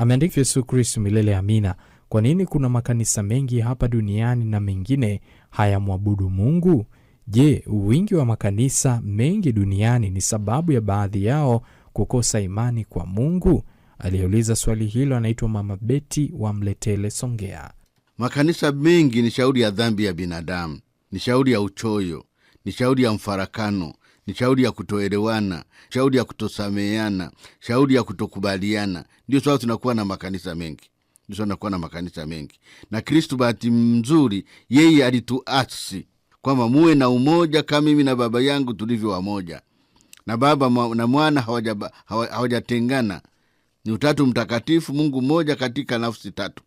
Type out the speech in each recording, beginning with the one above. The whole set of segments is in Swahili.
Ameandika Yesu Kristu milele amina. Kwa nini kuna makanisa mengi hapa duniani na mengine hayamwabudu Mungu? Je, wingi wa makanisa mengi duniani ni sababu ya baadhi yao kukosa imani kwa Mungu? Aliyeuliza swali hilo anaitwa Mama Beti wa Mletele, Songea. Makanisa mengi ni shauri ya dhambi ya binadamu, ni shauri ya uchoyo, ni shauri ya mfarakano, ni shauri ya kutoelewana, shauri ya kutosameheana, shauri ya kutokubaliana. Ndio sababu tunakuwa na makanisa mengi, ndio sababu tunakuwa na makanisa mengi. Na Kristu bahati mzuri, yeye alituasi kwamba muwe na umoja kama mimi na Baba yangu tulivyo wamoja, na Baba na Mwana hawajatengana, hawaja ni Utatu Mtakatifu, Mungu mmoja katika nafsi tatu.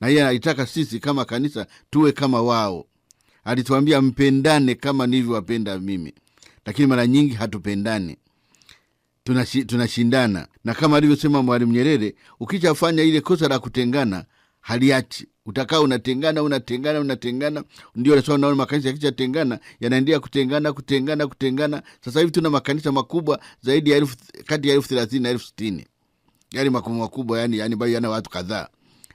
Na yeye alitaka sisi kama kanisa tuwe kama wao. Alituambia mpendane kama nilivyowapenda mimi lakini mara nyingi hatupendani, tunashindana. Na kama alivyosema Mwalimu Nyerere, ukishafanya ile kosa la kutengana haliachi, utakaa unatengana, unatengana, unatengana. Ndio nasema naona makanisa yakishatengana yanaendelea kutengana, kutengana, kutengana. Sasa hivi tuna makanisa makubwa zaidi ya elfu, kati ya elfu thelathini na elfu sitini yani makubwa makubwa, yani yani bado yana watu kadhaa,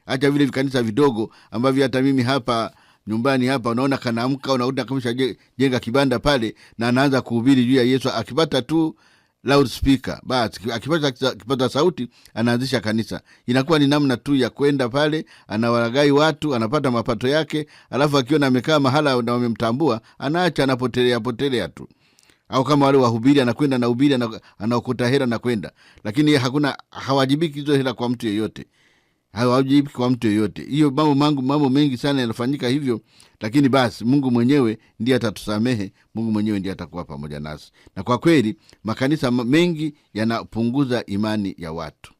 hacha vile vikanisa vidogo ambavyo hata mimi hapa nyumbani hapa unaona kanaamka unakuta kamsha jenga kibanda pale na anaanza kuhubiri juu ya yesu akipata tu loud speaker basi akipata kipata sauti anaanzisha kanisa inakuwa ni namna tu ya kwenda pale anawalagai watu anapata mapato yake alafu akiona amekaa mahala na wamemtambua anaacha anapotelea potelea tu au kama wale wahubiri anakwenda na hubiri anaokota hela na kwenda lakini hakuna hawajibiki hizo hela kwa mtu yeyote hawajibu kwa mtu yoyote. Hiyo mambo mangu, mambo mengi sana yanafanyika hivyo, lakini basi Mungu mwenyewe ndiye atatusamehe, Mungu mwenyewe ndiye atakuwa pamoja nasi, na kwa kweli makanisa mengi yanapunguza imani ya watu.